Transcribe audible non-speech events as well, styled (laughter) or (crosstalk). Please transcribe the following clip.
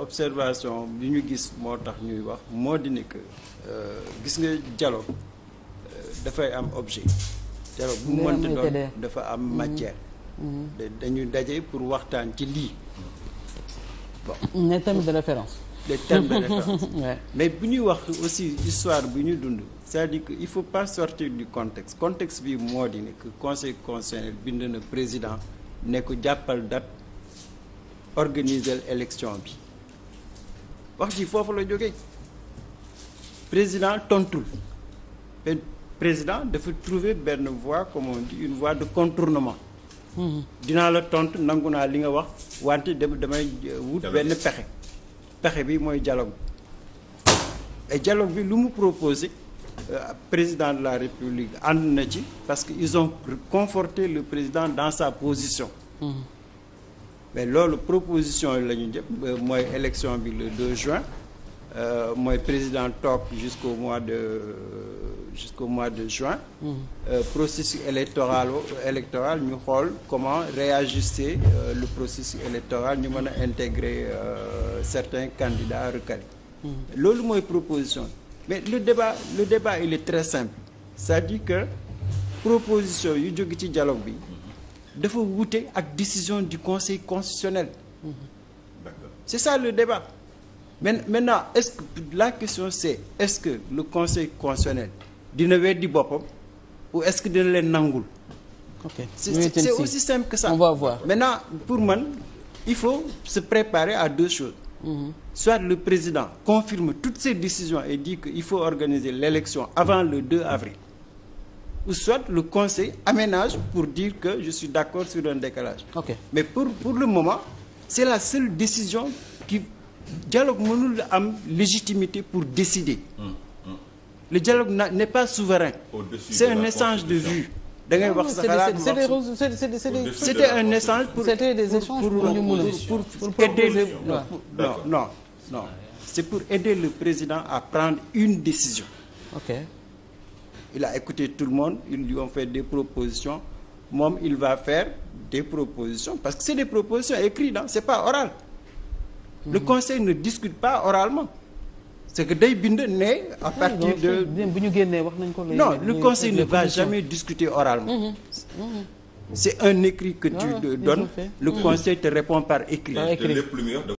observation bi ñu gis moo tax ñuy wax moo di ni que euh, gis nga dialogue euh, dafay am objet dialogue bu mënta doon dafa am mhm. matière mhm. dañu daje pour waxtaan ci lii bon les de référence les (laughs) mais bu ñuy wax aussi histoire bi ñu dund c'est-à-dire que il faut pas sortir du contexte contexte bi moo di ne que conseil constitutionnel bind na président ne ko jàppal date organiser l'élection bi wax ji foofu la jógee président tontul mais président dafa trouver benn voie comme on dit une voie de contournement. Hmm. dinaa la tontu nangu naa li nga wax wante damay euh, wut benn pexe. pexe bi mooy dialogue et dialogue bi lu mu proposé euh, président de la république ànd na ci parce que ils ont conforté le président dans sa position. Hmm. mais loolu proposition yi la ñu jëm euh, mooy élection bi le 2 juin euh, mooy président toog jusqu'au mois de jusqu'au mois de juin mm -hmm. euh, processus électoral électoral ñu xool comment réajuster euh, le processus électoral ñu mën a intégré euh, certains candidats recalés mm -hmm. loolu mooy proposition mais le débat le débat il est très simple c'est-à-dire que proposition yu jóge ci dialogue bi dafa wute ak décision du conseil constitutionnel c'est ça le débat maintenant est-ce que la question c'est est-ce que le conseil constitutionnel dina di boppam ou est-ce que dina leen nangul ok c'est c'est aussi simple que ça on va voir pour man il faut se préparer à deux choses mmh. soit le président confirme toutes ses décisions et dit il faut organiser l'élection avant le 2 avril ou soit le conseil aménage pour dire que je suis d'accord sur un décalage. Okay. Mais pour, pour le moment, c'est la seule décision qui dialogue mënul am légitimité pour décider. Mmh, mmh. Le dialogue n'est pas souverain. C'est un échange de vues. da ngay wax sax xalaat c'était un échange pour c'était des échanges pour pour pour aider le non non non c'est le président à prendre une décision. OK. il a écouté tout le monde ils lui ont fait des propositions moom il va faire des propositions parce que c'est des propositions écrites ah c'est pas oral le mmh. conseil ne discute pas oralement c'est que day bind ne à ah, partir de bu ñu génnee wax nañ ko non le conseil ne va jamais discuter oralement mhm. Mhm. c'est un écrit que tu ah, donnes le mhm. conseil te répond par écrit